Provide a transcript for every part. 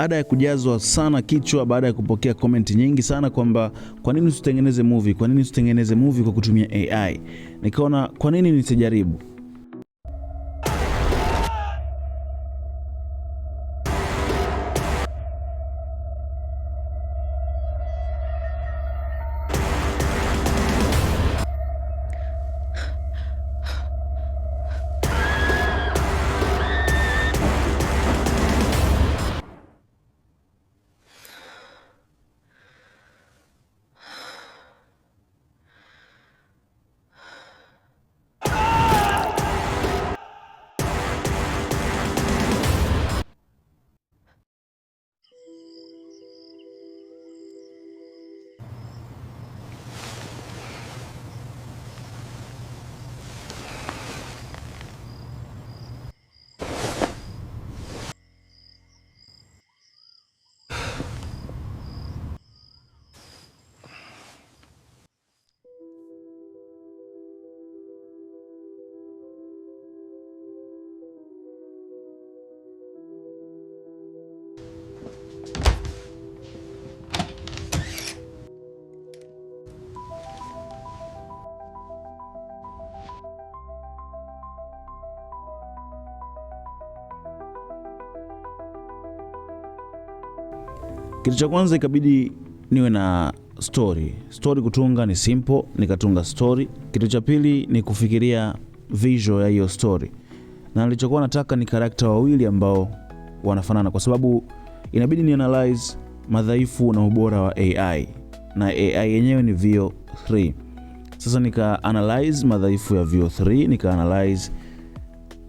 baada ya kujazwa sana kichwa, baada ya kupokea komenti nyingi sana kwamba kwa nini usitengeneze movie, kwa nini usitengeneze movie kwa kutumia AI, nikaona kwa nini nisijaribu. Kitu cha kwanza ikabidi niwe na story. Story kutunga ni simple, nikatunga story. Kitu cha pili ni kufikiria visual ya hiyo story, na nilichokuwa nataka ni karakta wawili ambao wanafanana, kwa sababu inabidi ni analyze madhaifu na ubora wa AI na AI yenyewe ni Veo 3. Sasa nika analyze madhaifu ya Veo 3, nika analyze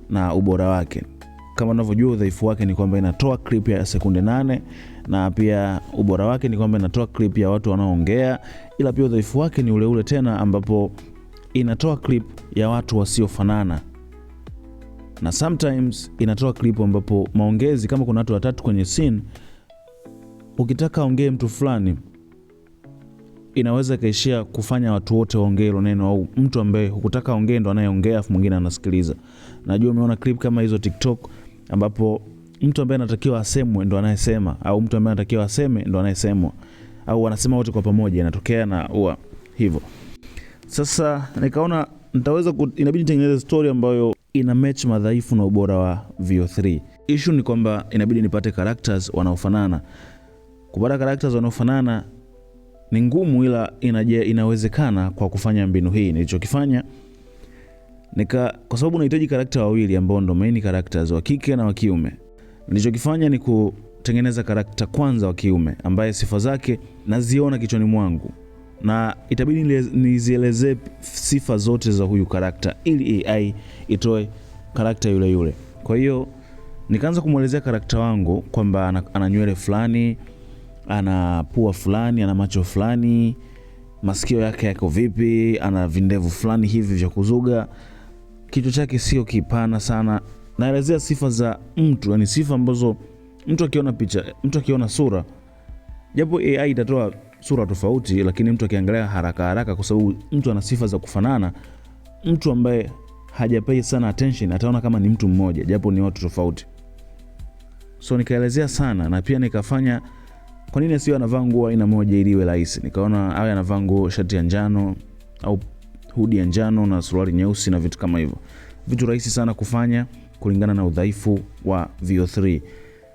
na ubora wake. Kama unavyojua udhaifu wake ni kwamba inatoa clip ya sekunde nane na pia ubora wake ni kwamba inatoa clip ya watu wanaoongea, ila pia udhaifu wake ni uleule ule tena, ambapo inatoa clip ya watu wasiofanana na sometimes inatoa clip ambapo maongezi, kama kuna watu watatu kwenye scene, ukitaka ongee mtu fulani inaweza ikaishia kufanya watu wote waongee hilo neno, au mtu ambaye hukutaka ongee ndo anayeongea, afu mwingine anasikiliza. Najua umeona clip kama hizo TikTok ambapo mtu ambaye anatakiwa asemwe ndo anayesema, au mtu ambaye anatakiwa aseme ndo anayesemwa, au wanasema wote kwa pamoja, inatokea na huwa hivyo. Sasa nikaona nitaweza ku, inabidi nitengeneze story ambayo ina match madhaifu na ubora wa VO3. ishu ni kwamba inabidi nipate characters wanaofanana. Kupata characters wanaofanana ni ngumu, ila inaje, inawezekana kwa kufanya mbinu hii nilichokifanya nika, kwa sababu nahitaji karakta wawili ambao ndo main characters wa kike na wa kiume. Nilichokifanya ni kutengeneza karakta kwanza wa kiume ambaye sifa zake naziona kichwani mwangu na itabidi nizielezee sifa zote za huyu karakta ili AI itoe karakta yule yule. Kwa hiyo nikaanza kumwelezea karakta wangu kwamba ana nywele fulani, ana pua fulani, ana macho fulani, masikio yake yako vipi, ana vindevu fulani hivi vya kuzuga, kichwa chake sio kipana sana, naelezea sifa za mtu, yani sifa ambazo mtu akiona picha, mtu akiona sura, japo AI itatoa sura tofauti, lakini mtu akiangalia haraka haraka, kwa sababu mtu ana sifa za kufanana, mtu ambaye hajapei sana attention ataona kama ni mtu mmoja, japo ni watu tofauti. So nikaelezea sana na pia nikafanya kwa nini asiwe anavaa nguo aina moja ili iwe rahisi. Nikaona awe anavaa nguo, shati ya njano au hudi ya njano na suruali nyeusi na vitu kama hivyo, vitu rahisi sana kufanya kulingana na udhaifu wa VO3.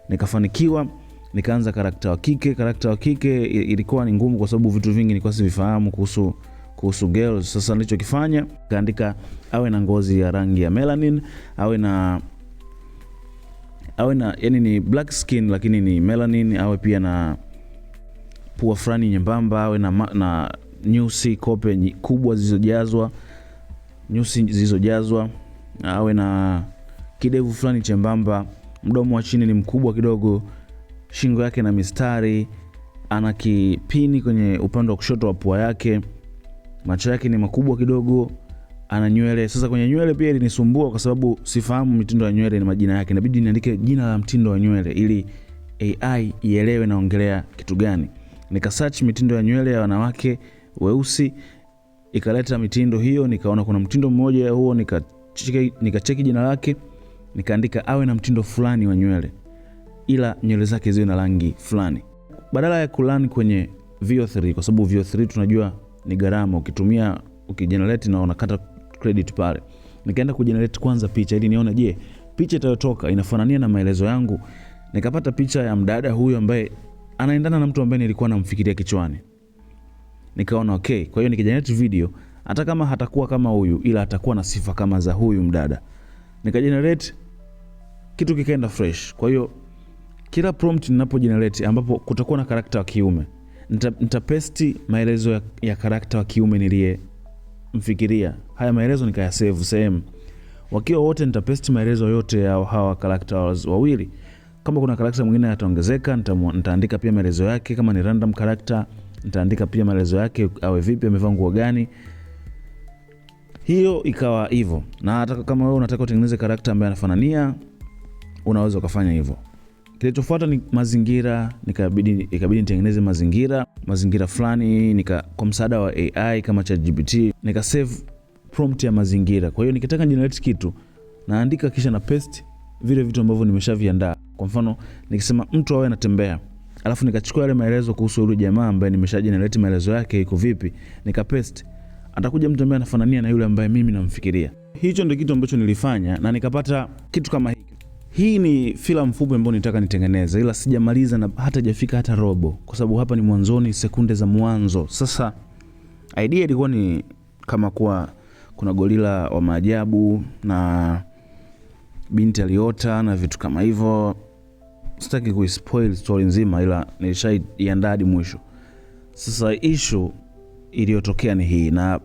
Nikafanikiwa nikaanza karakta wa kike. Karakta wa kike ilikuwa ni ngumu kwa sababu vitu vingi nilikuwa sivifahamu kuhusu kuhusu girls. Sasa nilichokifanya kaandika awe na ngozi ya rangi ya melanin, awe na awe na yani ni black skin lakini ni melanin, awe pia na pua fulani nyembamba, awe na, na nyusi kope kubwa zilizojazwa nyusi zilizojazwa, awe na kidevu fulani chembamba, mdomo wa chini ni mkubwa kidogo, shingo yake na mistari, ana kipini kwenye upande wa kushoto wa pua yake, macho yake ni makubwa kidogo, ana nywele. Sasa kwenye nywele pia ilinisumbua kwa sababu sifahamu mitindo ya nywele na majina yake, inabidi niandike jina la mtindo wa nywele ili AI ielewe naongelea kitu gani. Nika search mitindo ya nywele ya wanawake weusi ikaleta mitindo hiyo, nikaona kuna mtindo mmoja huo, nikacheki nika jina lake nikaandika awe na mtindo fulani wa nywele, ila nywele zake ziwe na rangi fulani, badala ya kulan kwenye VO3, kwa sababu VO3 tunajua ni gharama, ukitumia ukijenerate na unakata credit pale. Nikaenda kujenerate kwanza picha ili nione, je, picha itayotoka inafanania na maelezo yangu. Nikapata picha ya mdada huyu ambaye anaendana na mtu ambaye nilikuwa namfikiria kichwani. Nikaona okay, kwa hiyo nikijenerate video hata kama hatakuwa kama huyu ila atakuwa na sifa kama za huyu mdada. Nikajenerate kitu kikaenda fresh. Kwa hiyo kila prompt ninapo generate ambapo kutakuwa na karakta wa kiume nita, paste maelezo ya, ya karakta wa kiume mfikiria Haya maelezo save sehemu, wakiwa wote nita paste maelezo yote ya hawa karakta wawili. Kama kuna karakta mwingine ataongezeka, nitaandika pia maelezo yake. Kama ni random karakta nitaandika pia maelezo yake, awe vipi, amevaa nguo gani. Hiyo ikawa hivyo, na hata kama wewe unataka utengeneze karakta ambaye anafanania unaweza ukafanya hivyo. Kilichofuata ni mazingira, nikabidi ikabidi nitengeneze mazingira mazingira fulani nika, kwa msaada wa AI kama ChatGPT nika save prompt ya mazingira. Kwa hiyo nikitaka generate kitu naandika kisha na paste vile vitu ambavyo nimeshaviandaa. Kwa mfano nikisema mtu awe anatembea, alafu nikachukua yale maelezo kuhusu yule jamaa ambaye nimesha generate maelezo yake iko vipi, nika paste, atakuja mtu ambaye anafanania na yule ambaye mimi namfikiria. Hicho ndio kitu ambacho nilifanya na nikapata kitu kama hiki. Hii ni filamu fupi ambayo nitaka nitengeneze, ila sijamaliza na hata jafika hata robo, kwa sababu hapa ni mwanzoni, sekunde za mwanzo. Sasa idea ilikuwa ni kama kuwa kuna gorila wa maajabu na binti aliota na vitu kama hivyo. Sitaki kuispoil story nzima, ila nilishaiandaa hadi mwisho. Sasa issue iliyotokea ni hii, na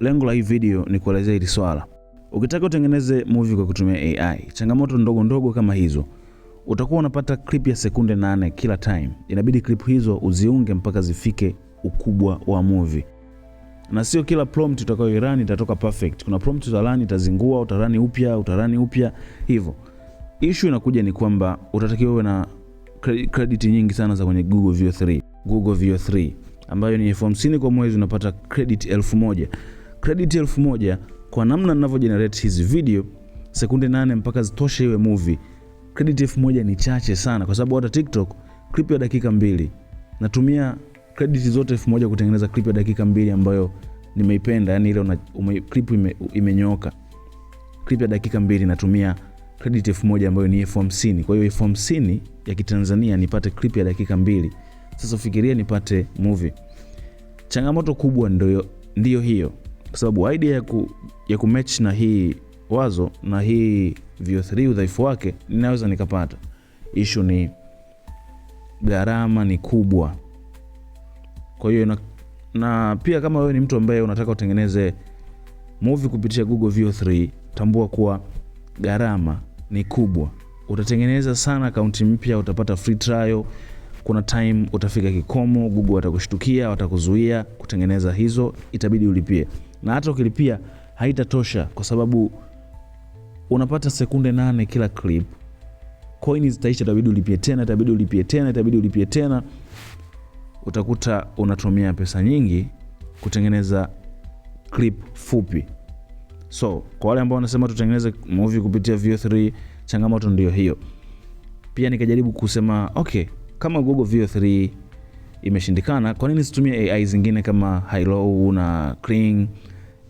lengo la hii video ni kuelezea hili swala Ukitaka utengeneze movie kwa kutumia AI, changamoto ndogo ndogo kama hizo, utakuwa unapata clip ya sekunde nane kila time. Inabidi clip hizo uziunge mpaka zifike ukubwa wa movie, na sio kila prompt utakayoirani itatoka perfect. Kuna prompt za utarani itazingua, utarani upya, utarani upya hivyo. Issue inakuja ni kwamba utatakiwa uwe na credit nyingi sana za kwenye Google VO3, Google VO3 ambayo ni elfu hamsini kwa mwezi, unapata credit elfu moja credit elfu moja kwa namna ninavyo generate hizi video sekunde nane mpaka zitoshe iwe movie. Credit elfu moja ni chache sana, kwa sababu hata TikTok clip ya dakika mbili natumia credit zote elfu moja kutengeneza clip ya dakika mbili ambayo nimeipenda, yani ile clip ime, Clip ya dakika mbili natumia credit elfu moja ambayo ni elfu hamsini. Kwa hiyo elfu hamsini ya Kitanzania nipate clip ya dakika mbili. Sasa fikiria nipate movie. Changamoto kubwa ndio, ndio hiyo kwa sababu idea ya, ku, ya kumatch na hii wazo na hii VO3 udhaifu wake ninaweza nikapata. Ishu ni gharama ni kubwa, kwa hiyo na, na pia kama wewe ni mtu ambaye unataka utengeneze movie kupitia Google VO3, tambua kuwa gharama ni kubwa. Utatengeneza sana akaunti mpya, utapata free trial, kuna time utafika kikomo, Google watakushtukia, watakuzuia kutengeneza hizo, itabidi ulipie na hata ukilipia haitatosha kwa sababu unapata sekunde nane kila clip. Coin zitaisha, itabidi ulipie tena, itabidi ulipie tena, itabidi ulipie tena. Utakuta unatumia pesa nyingi kutengeneza clip fupi. So kwa wale ambao wanasema tutengeneze movie kupitia VO3, changamoto ndio hiyo. Pia nikajaribu kusema okay, kama Google VO3 imeshindikana, kwa nini situmie AI zingine kama Hailow na Kling?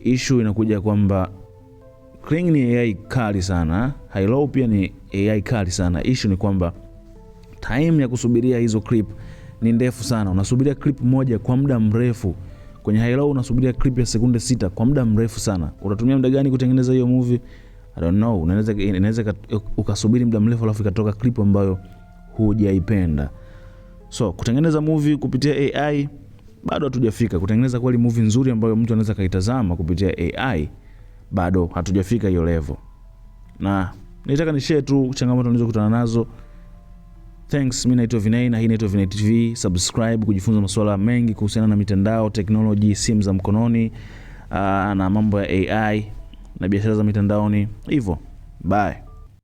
Issue inakuja kwamba Kling ni AI kali sana, Hailow pia ni AI kali sana. Issue ni kwamba time ya kusubiria hizo clip ni ndefu sana, unasubiria clip moja kwa muda mrefu. Kwenye Hailow unasubiria clip ya sekunde sita kwa muda mrefu sana. Utatumia muda gani kutengeneza hiyo movie? I don't know. Unaweza unaweza ukasubiri muda mrefu alafu ikatoka clip ambayo hujaipenda. So kutengeneza movie kupitia AI bado hatujafika. Kutengeneza kweli movie nzuri ambayo mtu anaweza kaitazama kupitia AI bado hatujafika hiyo level, na nitaka ni share tu changamoto nilizokutana nazo. Thanks, mi naitwa Vinei na hii naitwa Vinei TV. Subscribe kujifunza masuala mengi kuhusiana na mitandao, teknoloji, simu za mkononi, uh, na mambo ya AI na biashara za mitandaoni. Hivyo bye.